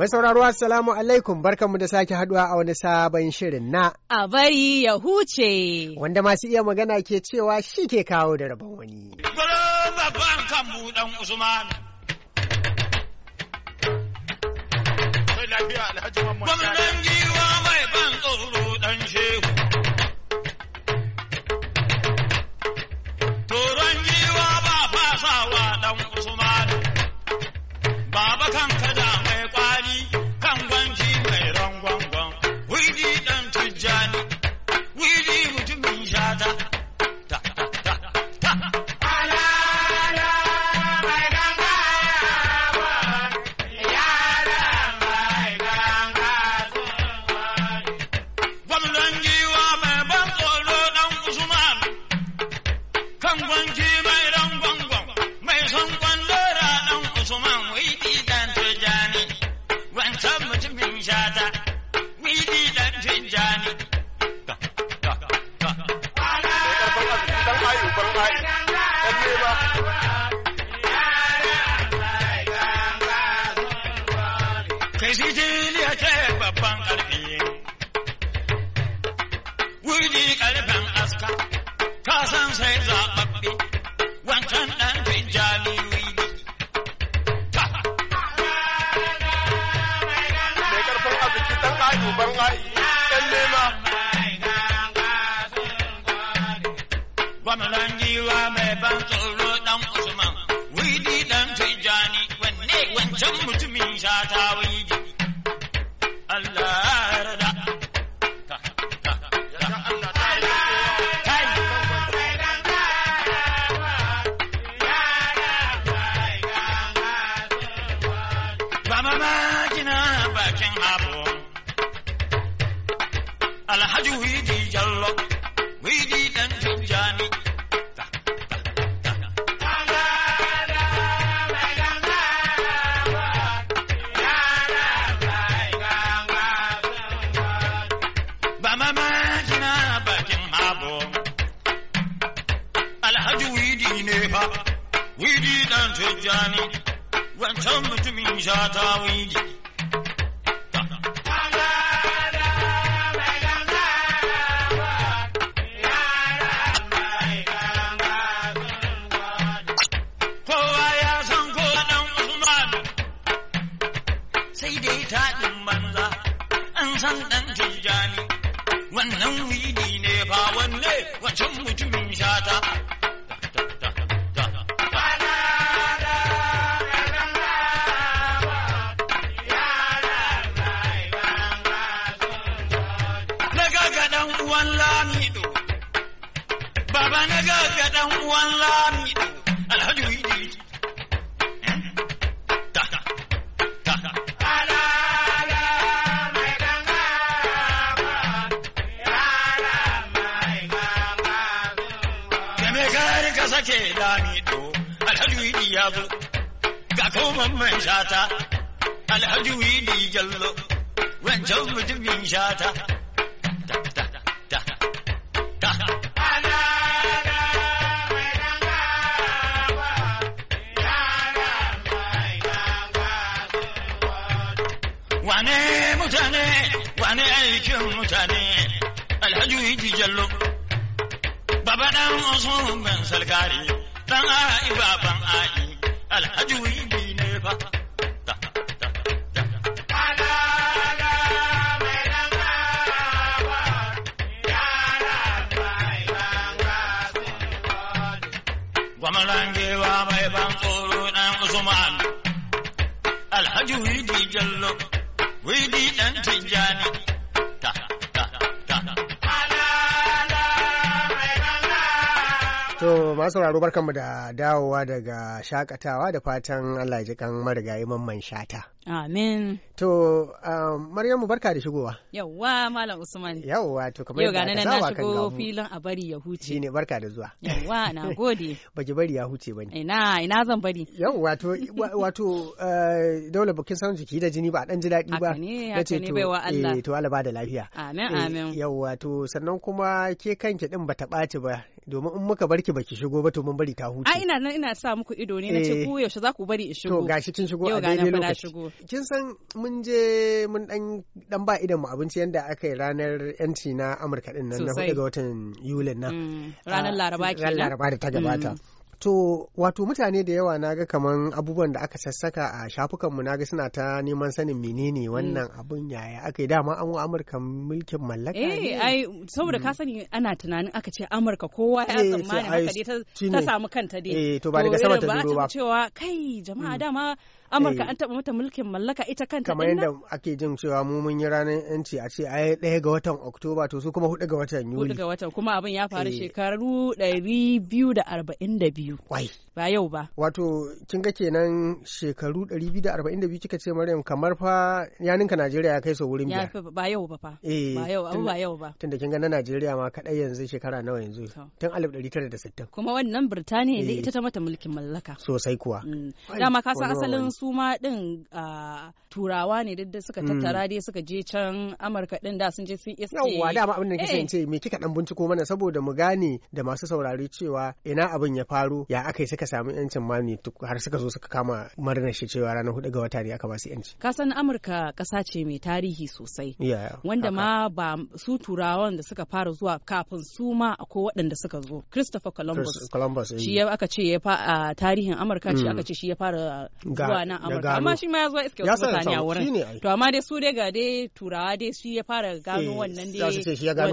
Mai sauraro assalamu alaikum barkanmu da sake haduwa a wani sabon shirin na. A bari ya huce. Wanda masu iya magana ke cewa shi ke kawo da rabon wani. san ɗan tijjani wannan wili ne ba wanne wancan mutumin shata ni jallo mutane mutane dan usman a'i baban ne Alhaji Widi Jallo, Widi ɗan Tijjani. To masu raro barkanmu da dawowa daga shakatawa da fatan Allah ya ji kan marigayi mamman shata. Amin. To um, Maryamu barka da shigowa. Yawwa Malam Usman. Yawwa to kamar yadda ka saba kan gamu. filin a bari ya huce. Shine barka da zuwa. Yawwa na gode. Baki bari ya huce bane. Ina ina zan bari. Yawwa to wato eh, dole bukin san jiki da jini ba dan ji daɗi ba. Haka ne haka ne baiwa eh, Allah. To Allah ba da lafiya. Amin eh, amin. Yawwa to sannan kuma ke kanki din bata ɓaci ba domin in muka barki baki shigo ba to mun bari ta huce a ina nan ina sa muku ido ne na ce eh. ku yaushe za ku bari in shigo to gashi kin shigo a daidai lokaci kin san mun je mun dan dan ba idan mu abinci yanda aka yi ranar yanci na Amurka din nan na hudu ga watan Yulin nan mm, ranar ah, Laraba kenan ranar Laraba da ta gabata mm. To wato mutane da yawa naga kamar abubuwan da aka sassaka a shafukanmu naga suna ta neman sanin menene mm. wannan abun yaya aka yi dama an Amurka mulkin mallaka eh, ne. Eh ai saboda ka mm. sani ana tunanin aka ce Amurka kowa ya eh, tsammani haka dai ta samu kanta dai. Eh to ba daga sama eh, ta zuro ba. cewa kai jama'a mm. dama amurka eh. an taba mata mulkin mallaka ita kanta kamar yadda ake jin cewa mu mun yi ranar yanci a ce ai ɗaya ga watan oktoba to su kuma hudu ga watan yuli hudu ga watan kuma abin ya faru eh. shekaru ɗari biyu da arba'in da biyu ba yau ba wato kin ga kenan shekaru 242 kika ce Maryam kamar fa ya ninka Najeriya ya kai sau wurin biyar ba yau ba fa eh, ba yau ba yau ba tunda kin ga na Najeriya ma kaɗai yanzu shekara nawa yanzu tun 1960 kuma wannan Birtaniya ne eh. ita ta mata mulkin mallaka sosai kuwa mm. dama ka san asalin su ma ɗin turawa ne duk da suka mm. tattara dai suka je can Amurka ɗin da sun je sun iske yawwa dama abin da kike eh. ce me kika dan binciko mana saboda mu gane da masu saurare cewa ina abin ya faru. ya aka yi suka samu yancin ma ne har suka zo suka kama murnar shi cewa ranar hudu ga wata ne aka ba su yanci ka san amurka ƙasa ce mai tarihi sosai wanda ma ba su turawan da suka fara zuwa kafin su ma akwai waɗanda suka zo christopher columbus columbus eh. shi ya aka ce ya fa tarihin amurka shi mm. aka ce shi ya fara zuwa nan amurka amma shi ma ya zo iske wasu mutane a wurin to amma dai su dai ga dai turawa dai shi ya fara gano eh, wannan dai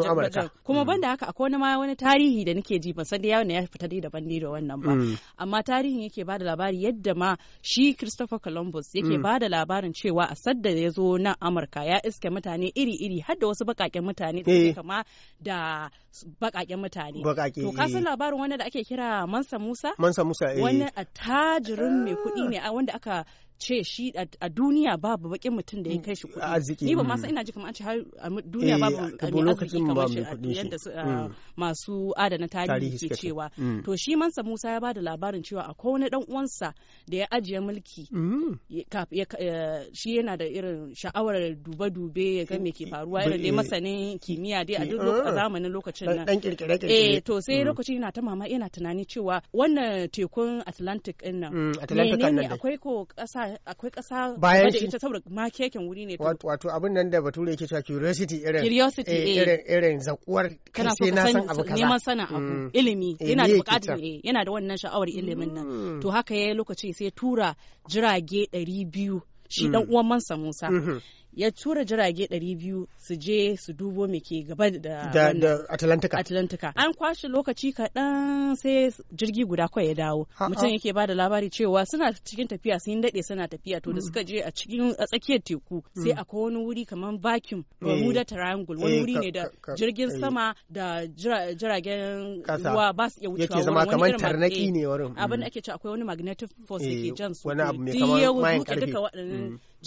Amurka. kuma mm. banda haka akwai wani ma wani tarihi da nake ji ban san dai yawon ya fita dai daban ne da wannan ba mm. amma tarihin yake bada labari yadda ma shi Christopher Columbus yake mm. bada labarin cewa a sadda ya zo nan Amurka ya iske mutane iri-iri har da wasu bakaken mutane da eh. kama da bakaken mutane to ka san eh. labarin wanda da ake kira Mansa Musa Mansa Musa eh wani attajirin mai kuɗi ah. ne wanda aka ce shi a duniya babu bakin mutum da ya mm, kai shi kuɗi ni ba masu mm. ina ji kamar an ce har a duniya eh, babu mai arziki shi yadda mm. masu adana tarihi ke cewa to shi mansa Musa ya bada labarin cewa akwai wani dan uwansa da ya ajiye mulki shi yana da irin sha'awar dube-dube ya ga me ke faruwa irin dai eh. masanin kimiyya dai a duk eh. zamanin lokacin nan dan kirkire kirkire eh to sai lokacin yana ta mama yana tunani cewa wannan tekun Atlantic din nan menene akwai ko ƙasa akwai ƙasa bayan da ita saboda ma keken wuri ne wato abin nan da bature yake cewa curiosity irin curiosity eh, eh. irin irin zakuwar kana so ka san abu kaza neman sanin abu mm. ilimi eh, yana da buƙatar yana da wannan sha'awar ilimin nan mm. to haka yayin lokaci sai tura jirage 200 shi dan mm. uwan Mansa Musa mm-hmm. ya tura jirage 200 su je su dubo me ke gaba da atlantika atlantika an kwashe lokaci kaɗan sai jirgi guda kawai ya dawo mutum yake ba da labari cewa suna cikin tafiya sun daɗe suna tafiya to da mm. suka je a cikin a tsakiyar teku mm. sai akwai wani wuri kamar vacuum bermuda mm. triangle wani eh, wuri ne da jirgin eh. sama da jiragen ruwa ba su iya wucewa zama kamar tarnaki eh, ne wurin abin da ake cewa akwai wani magnetic force yake jan su wani abu mai kamar mayan karfe duka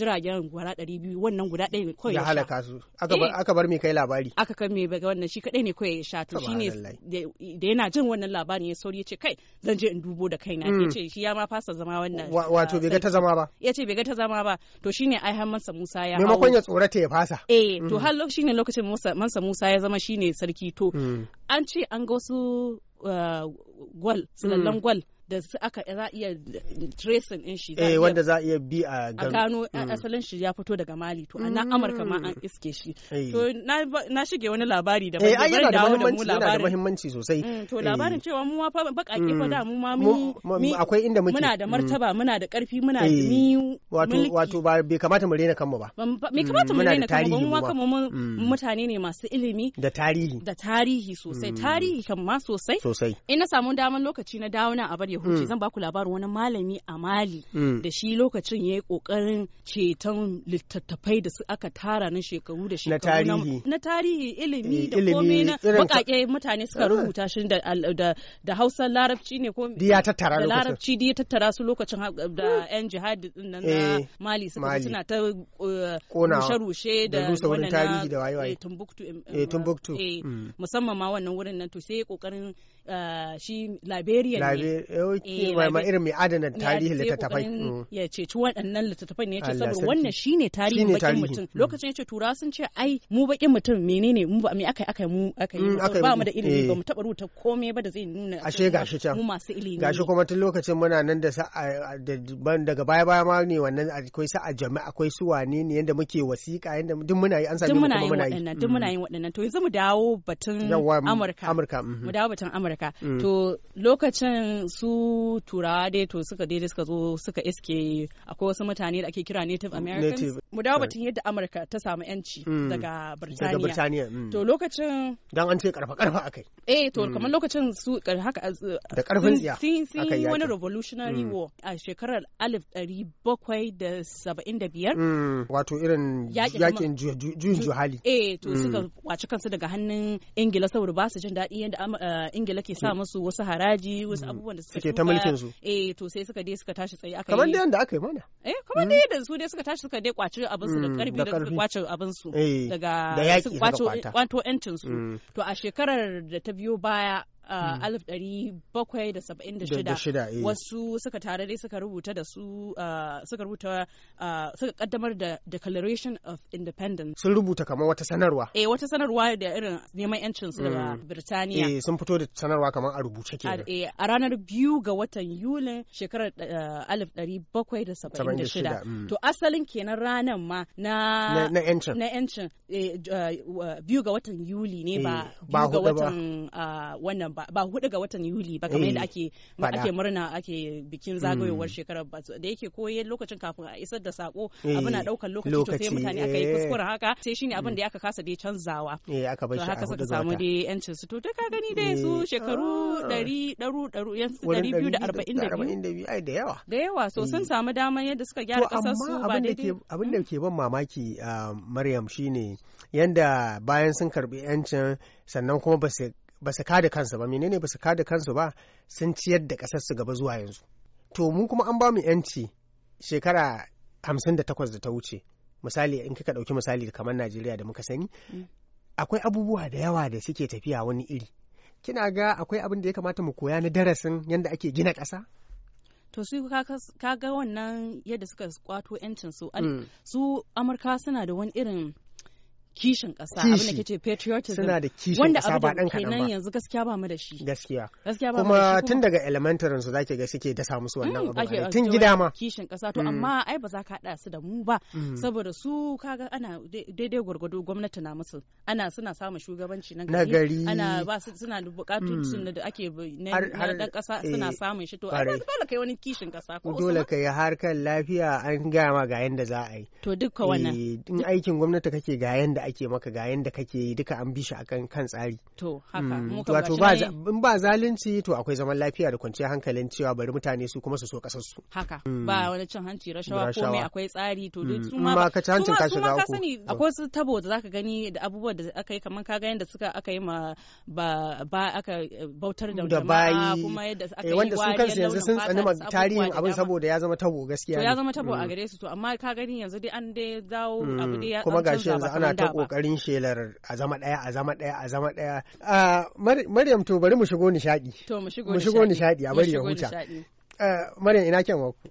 jiragen gwara ɗari biyu wannan guda ɗaya ne kawai ya halaka su eh. aka bar mai kai labari aka kan mai baga wannan shi kaɗai ne kawai ya sha to ne da yana jin wannan labarin ya sauri ya ce kai zan je in dubo da kaina mm. ya ce shi ya ma fasa zama wannan wato bai ga eh, ta zama ba ya ce bai ga ta zama ba to shine ai har mansa Musa ya maimakon ya tsorata ya fasa eh to mm. har ne lokacin mansa Musa ya zama shine sarki to mm. an ce an ga wasu eh, gwal sulallan gwal da aka za iya tracing din shi eh wanda za iya bi a gano mm. asalin shi ya fito daga Mali to a mm. Amurka ma an iske shi eh. to na shige wani labari da ban eh, da dawo da mu labarin yana da muhimmanci sosai mm, to labarin eh. cewa mu ma fa bakaki fa da mu ma mu akwai inda muke muna da martaba muna da karfi muna da mi wato wato ba bai kamata mu rena kanmu ba bai kamata mu rena kanmu ba mu ma mutane ne masu ilimi da tarihi da tarihi sosai tarihi kan ma sosai sosai ina samu daman lokaci na dawo na a huce mm. zan baku labarin wani malami a mali mm. da shi lokacin ya yi kokarin ceton littattafai da su aka tara na shekaru da shekaru na tarihi ilimi eh, da komai na bakake mutane suka ah. rubuta shi da hausa larabci ne ko da tattara da larabci diya tattara su lokacin da mm. yan jihadi din nan na eh, mali suka suna ta eh, rushe-rushe da wannan tarihi da wayewaye tumbuktu musamman ma wannan wurin nan to sai ya kokarin Uh, shi Liberia ne. Eh, eh, Liberia mai irin mai adana tarihi littattafai. Mm. Ya ceci waɗannan littattafai ne ya ce saboda wannan shine tarihin bakin mutum. Mm. Lokacin ya ce tura sun ce ai mu bakin mutum menene mu ba mai aka aka mu mm, aka yi ba mu da ilimi eh. ba mu taba rubuta komai ba da zai nuna ashe gashi can mu masu ilimi gashi kuma tun lokacin muna nan da sa daga baya baya ma ne wannan akwai sa a jami'a akwai su wane ne yanda muke wasiƙa yanda duk muna yi an sami kuma muna yi duk muna yin waɗannan to yanzu mu dawo batun Amurka Amurka mm-hmm. mu dawo batun Amurka amurka mm. to lokacin su turawa dai to suka dai suka zo suka iske akwai wasu mutane da ake kira native americans mu dawo batun yadda amurka ta samu yanci mm. daga birtaniya mm. to lokacin dan an ce karfa karfa akai eh to kamar lokacin su haka uh, da karfin tsiya sun yi wani revolutionary war a shekarar 1775 wato irin yakin juyin juhali eh to suka wace kansu daga hannun ingila saboda ba su jin daɗi yadda uh, ingila ingila ke sa musu wasu haraji wasu hmm. abubuwan da suka ta mulkin su eh to sai suka dai suka tashi tsaye aka kamar da yanda aka yi mana eh kamar hmm. da yadda su dai suka tashi suka dai kwaci abin su hmm, da karfi da suka kwace abin eh, su daga su kwato yancin su to a shekarar da ta biyo baya Hmm. alif bakwai da saba'in da shida eh. wasu suka tare dai suka rubuta da su suka rubuta suka kaddamar da Declaration of Independence. Sun rubuta kamar wata sanarwa. Eh wata sanarwa da irin neman yancin su daga hmm. Birtaniya. Eh sun fito da sanarwa kamar a rubuce kenan. Eh, a ranar biyu ga watan Yulin shekarar eh, alif bakwai da saba'in da shida. Hmm. To asalin kenan ranar ma na na yancin na yancin biyu ga watan Yuli ne ba biyu ga watan wannan ba. ba hudu ga watan Yuli ba kamar yadda eh, ake ake murna ake bikin mm. zagayowar shekarar ba. da yake koyi lokacin kafin a isar da sako eh, abin na daukar lokaci to sai mutane aka yi eh. kuskure haka sai shine abin da ya mm. kasa dai canzawa eh aka bar shi haka suka samu dai yancin su to ta ka gani dai su shekaru 100 daru daru yansu 242 ai da yawa da yawa so sun samu daman yadda suka gyara kasar su ba daidai abin da mm. ke ban mamaki ah, Maryam shine yanda bayan sun karbi yancin sannan kuma ba su ba su kada kansu ba menene ba su kada kansu ba sun ciyar da kasar su gaba zuwa yanzu to mu kuma an ba mu yanci shekara hamsin da da ta wuce misali in kika ɗauki misali kamar najeriya da muka sani mm. akwai abubuwa da yawa da suke tafiya wani iri kina ga akwai abin da ya kamata mu koya na darasin yadda ake gina kasa to su ga wannan yadda suka kwato yancin su mm. su amurka suna da wani irin kishin ƙasa abin da kace patriotism suna da kishin wanda ba dan kadan ba yanzu gaskiya ba mu da shi gaskiya gaskiya ba kuma tun daga elementary su zake ga suke da samu su wannan hmm, abu tun gida ma kishin ƙasa to hmm. amma ai ba za ka hada su da mu ba hmm. saboda su kaga ana daidai gwargwado gwamnati na musu ana suna samun shugabanci na gari ana ba su suna da bukatu sun da ake na dan ƙasa eh, suna samun shi to ai dole kai wani kishin ƙasa ko dole kai harkar lafiya an ma ga yanda za a yi to dukkan wannan eh, in aikin gwamnati kake ga yanda da ake maka ga yadda kake yi duka an bi shi akan kan tsari to haka mm. wato ba zalunci to akwai zaman lafiya da kwanciyar hankalin cewa bari mutane su kuma su so kasar su haka mm. ba wani cin hanci rashawa komai akwai tsari to duk mm. su ma ka ci hancin shiga uku akwai su tabo da zaka gani da abubuwan da aka yi kamar ka yadda suka aka yi ma ba ba aka bautar da jama'a kuma yadda aka eh, yi wanda su kansu yanzu sun tsani tarihin abin saboda ya zama tabo gaskiya to ya zama tabo a gare su to amma ka gani yanzu dai an dai dawo abu dai ya kuma gashi yanzu ana ta kokarin shelar a zama daya a zama daya a zama daya maryam to bari mu shigo nishadi to mu shigo nishadi a bari ya huta maryam ina kyan wako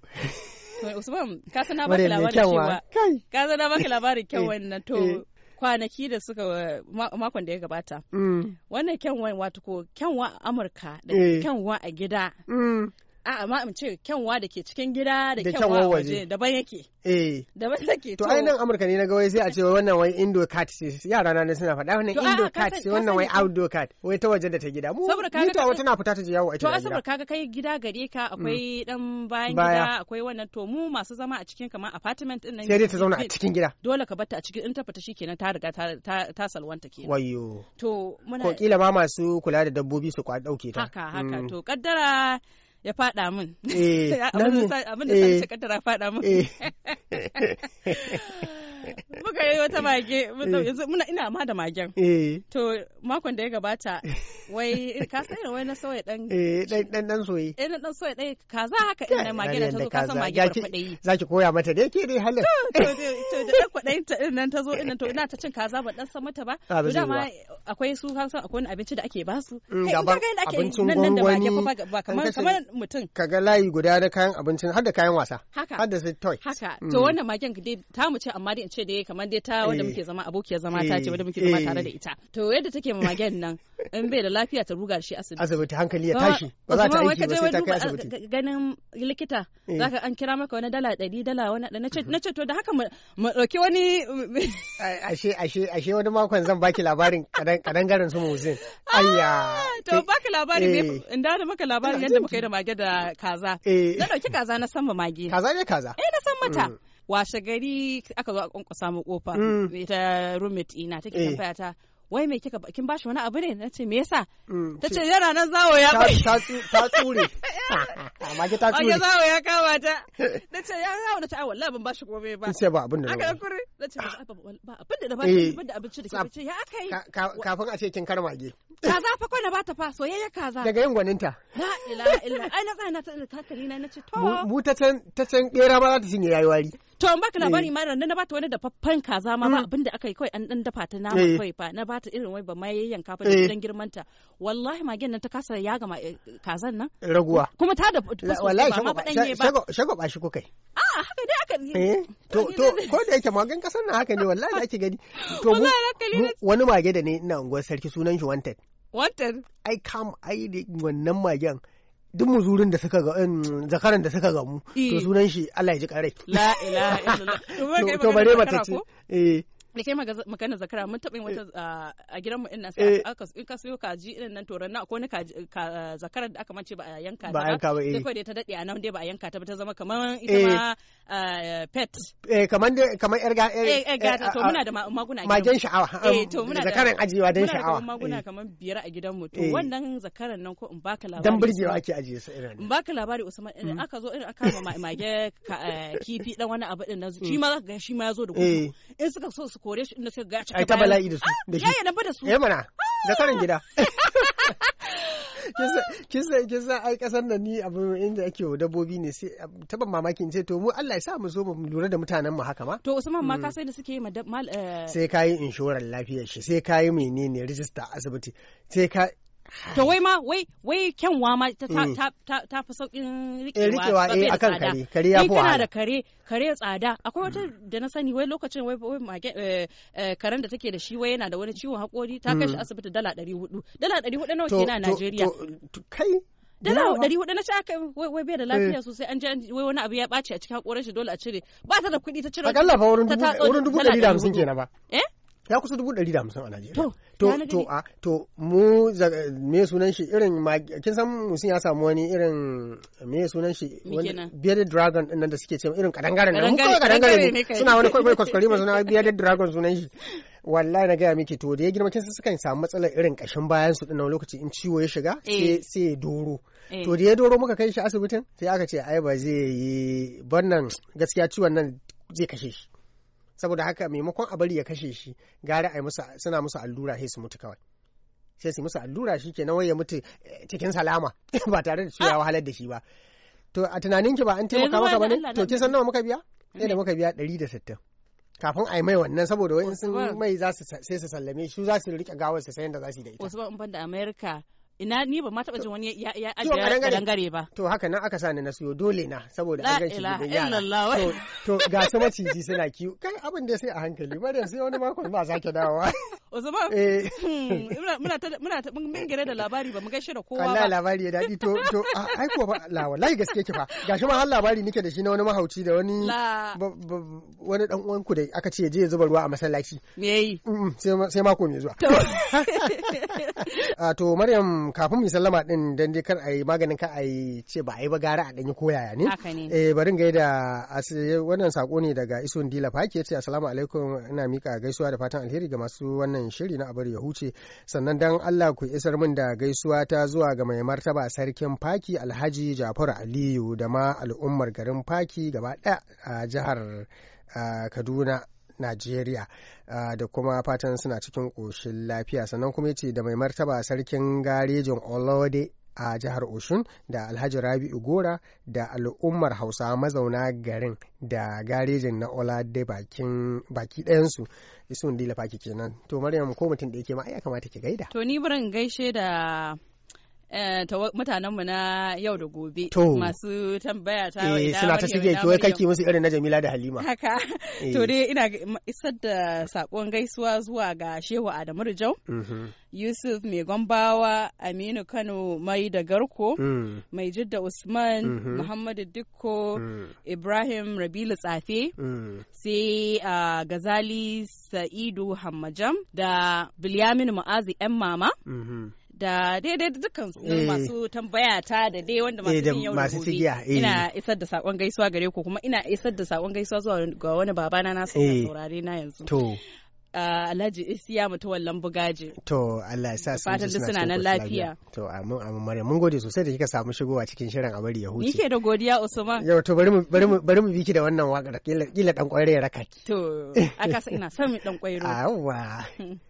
Usman ka sana baka labarin cewa ka sana baka labarin eh, kyan wannan to eh. kwanaki da suka makon da ya gabata mm. wannan kyanwa wato ko kyanwa Amurka da eh. kyanwa a gida mm. a'a ma in ce kyanwa da ke cikin gida da kyanwa waje daban yake eh daban yake to ai nan amurka ne na ga wai sai a ce wannan wai indoor cat ce yara na suna faɗa wannan indoor cat ce wannan wai outdoor cat wai ta waje da ta gida mu ni to wata na fita ta je yawo a to saboda kaga kai gida gare ka mm. akwai dan bayan gida akwai wannan to mu masu zama a cikin kamar apartment din nan sai dai ta zauna a cikin gida dole ka batta a cikin in ta fita shikenan ta riga ta ta salwanta kenan wayyo to muna ko kila ma masu kula da dabbobi su kwa dauke ta haka haka mm. to kaddara ya fada eh, min abin da sa eh. kaddara fada min eh. ka yi wata mage eh. muna ina ma da magen eh. to makon da ya gabata wai ka sai wai na soya dan dan dan soye eh dan soye dai kaza haka ina na mage ta zo ka san mage yi. zaki koya mata dai ke dai halin to to da dan kwadai ta nan ta zo ina to ina ta cin kaza ba dan san mata ba to dama akwai su ka san akwai abinci da ake ba mm, kai ka ake nan nan da mage ba kamar kamar mutum kaga layi guda da kayan abincin har da kayan wasa haka har da su toy haka to mm. wannan magen dai ta mu ce amma dai in ce dai kamar dai ta wadda eh. muke zama abokiyar zama ta eh. ce wadda muke zama eh. tare da ita to yadda take ma magen nan in bai da lafiya ta ruga shi asibiti asibiti hankali ya tashi ba za ta aiki ba sai ta kai asibiti ganin likita zaka an kira maka wani dala ɗari dala wani mhm. na ce to da haka mu dauki wani ashe ashe ashe wani makon zan baki labarin kadan kadan garin su muzin ayya ah, to baki labari me in da maka labarin yadda muka yi da mage da kaza na ɗauki kaza na sama mage kaza ne kaza eh na san mata mm. washe gari aka zo a samu mu kofa mm. ita roommate ina take eh. tambaya ta wai me kika kin bashi wani abu ne nace me yasa mm, tace yana nan zawo ya ba ta tsure amma ki ta tsure zawo ya kama ta nace ya zawo nace ai wallahi ban bashi komai ba sai ba abin da aka kure nace ba abin da ba bashi eh. ban da abinci da ke ce ya akai kafin a ce kin karmage kaza fa kwana bata fa soyayya kaza daga yin gwaninta la ilaha illa ai na tsaya na ta hankali na nace to mu ta can ta can ba za ta cinye yayi wari to an baka labari eh. ma na bata wani dafaffen kaza ma ba mm. abin da aka yi kawai an dan dafa ta nama eh. kawai fa na bata irin wai ba ma yayyan kafa da eh. dan girmanta wallahi magen nan ta kasa ya gama kazan nan raguwa kuma ta da wallahi shago shago ba shi ko kai Ah haka dai aka to to ko da yake magen kasan nan haka ne wallahi da ake gani to wani mage da ne ina unguwar sarki sunan shi wanted wanted ai kam ai wannan magen duk muzurin da suka ga zakaran da suka gamu to eh. sunan shi Allah ya ji karai la ilaha illallah to bare mata ce eh da ke magana zakara mun taɓa wata eh. ah, a gidanmu In sai eh. in ka siyo kaji irin nan toron na akwai wani zakara da aka mace ba a yanka ta ba yanka ba eh. sai kawai da ta daɗe a nan dai ba a yanka ta ba ta zama kamar ita ma ah, pet eh kamar dai kamar yar gata eh gata to muna da maguna magen sha'awa eh to muna da zakaran ajiyewa dan sha'awa muna da maguna kamar biyar a gidanmu to wannan zakaran nan ko in baka labari dan burgewa ake ajiye su irin in baka labari Usman in mm. aka zo irin aka ma mage kifi dan wani abu din nan shi ma zaka ga shi ma ya zo da gudu in suka so su kore shi inda suka ga bala'i da su ah, da shi da su Ya eh, mana zakaran gida kisa ah! kisa ai kasar da ni abin inda ake wa dabbobi ne sai taba mamakin ce to mu Allah ya sa mu zo mu lura da mutanen mu haka ma to Usman ma ka mm. eh, sai da suke ma sai kayi inshorar lafiyar shi sai kayi menene register asibiti sai ka To wai ma wai wai kyanwa ma ta ta mm. ta ta fi saukin rikewa a akan kare kare ya eh, fi kana da kare kare tsada akwai wata mm. da na sani wai lokacin wai wai mage eh, eh, karen da take da shi wai yana da wani ciwon hakori ta kai shi mm. asibiti dala 400 dala 400 nawa kenan a Najeriya kai dala ɗari hudu na shaka wai wai bai da lafiya sosai an je wai wani abu ya ɓaci a cikin hakorin shi dole a cire ba ta da kuɗi ta cire akalla fa wurin dubu ɗari da hamsin kenan ba eh ya kusa dubu ɗari da hamsin a Najeriya. To, to, a, to, mu me sunan shi irin kin san mutum ya samu wani irin me sunan shi bearded dragon ɗin nan da suke cewa irin kadangaren nan. Kadangare, kadangare ne. Suna wani kwaikwai kwaskwari ma suna bearded dragon sunan shi. Wallahi na gaya miki to da ya girma kin san sukan samu matsalar irin kashin bayan su ɗin lokaci in ciwo ya shiga eh. sai ya doro. Eh. To da ya doro muka kai shi asibitin sai aka ce ai ba zai yi nan gaskiya ciwon nan zai kashe shi. saboda haka maimakon a bari ya kashe shi gara a musu suna musu allura sai su mutu kawai sai su musu allura shi ke nawa ya mutu eh, cikin salama ba tare da cewa wahalar da shi ba to a tunanin ki ba an eh, taimaka maka ne to kin san nawa muka biya sai da eh. muka biya ɗari da 160 kafin a yi mai wannan saboda wai sun mai za su sai su sallame shi za su rike gawar su sayan da za su yi da ita wasu ban da america ina ni ba ma taba jin wani ya ya gare ba to haka nan aka sani na siyo dole na saboda an ganshi gidan yara to to ga su maciji suna kiwo kai abin da sai a hankali maryam sai wani makon ba sake dawowa Usman eh. hmm, muna muna mun gare da labari ba mu gaishe da kowa ba Allah labari ya dadi to to ai ko ba la wallahi gaske ki fa gashi ma har labari nike da shi na wani mahauci da wani wani dan uwan ku da aka ce je zuba ruwa a masallaci me yi mm, mm, sai mako mai zuwa to maryam kafin mu sallama din dan dai kar a yi maganin ka a yi ce ba a yi ba gara a danyi koyaya ne eh barin da wannan sako ne daga Isun Dila Faki ce assalamu alaikum ina mika gaisuwa da fatan alheri ga masu wannan shiri na abar ya huce sannan dan Allah ku isar min da gaisuwa ta zuwa ga mai martaba sarkin Faki Alhaji Jafaru Aliyu da ma al'ummar garin Faki gaba daya a jihar Kaduna Najeriya ah, da kuma fatan suna cikin ƙoshin lafiya sannan kuma ya ce da mai martaba sarkin garejin Olode a jihar Oshun da Alhaji Rabi'u Gora da al'ummar Hausa mazauna garin da garejin na Olade baki ɗayansu Isun Dila Faki kenan. To Maryam ko mutum da yake ma ai ya kamata ki gaida. To ni barin gaishe da Eh, mutanenmu na yau da gobe masu tambaya ta eh suna ta shige ki wai musu irin na Jamila da Halima haka eh. to dai ina isar da sakon gaisuwa zuwa ga Shehu Adamu Rijau mhm. Yusuf Mai Gombawa Aminu Kano Mai da Garko mm. Mai Jidda Usman mhm. Muhammadu Dikko mm. Ibrahim Rabilu Tsafe mm. sai Gazali Sa'idu Hamajam. da Bilyamin Mu'azi 'yan mama mhm. da daidai da dukkan eh. masu tambaya ta da dai wanda masu eh, yin yau da gobe eh. ina isar da sakon gaisuwa gare ku kuma ina isar da sakon gaisuwa zuwa ga wani babana na saurare na yanzu to ah, Alhaji Isiya mutuwar bugaji. To Allah ya sa su fatan duk suna nan lafiya. To amin amin Maryam mun gode sosai da kika samu shigowa cikin shirin a bari ya Nike da godiya Usman. Yau to bari mu bari mu bari mu biki da wannan waƙar kila dan kwaire ya raka ki. To aka ina son mi dan kwairo. Awwa.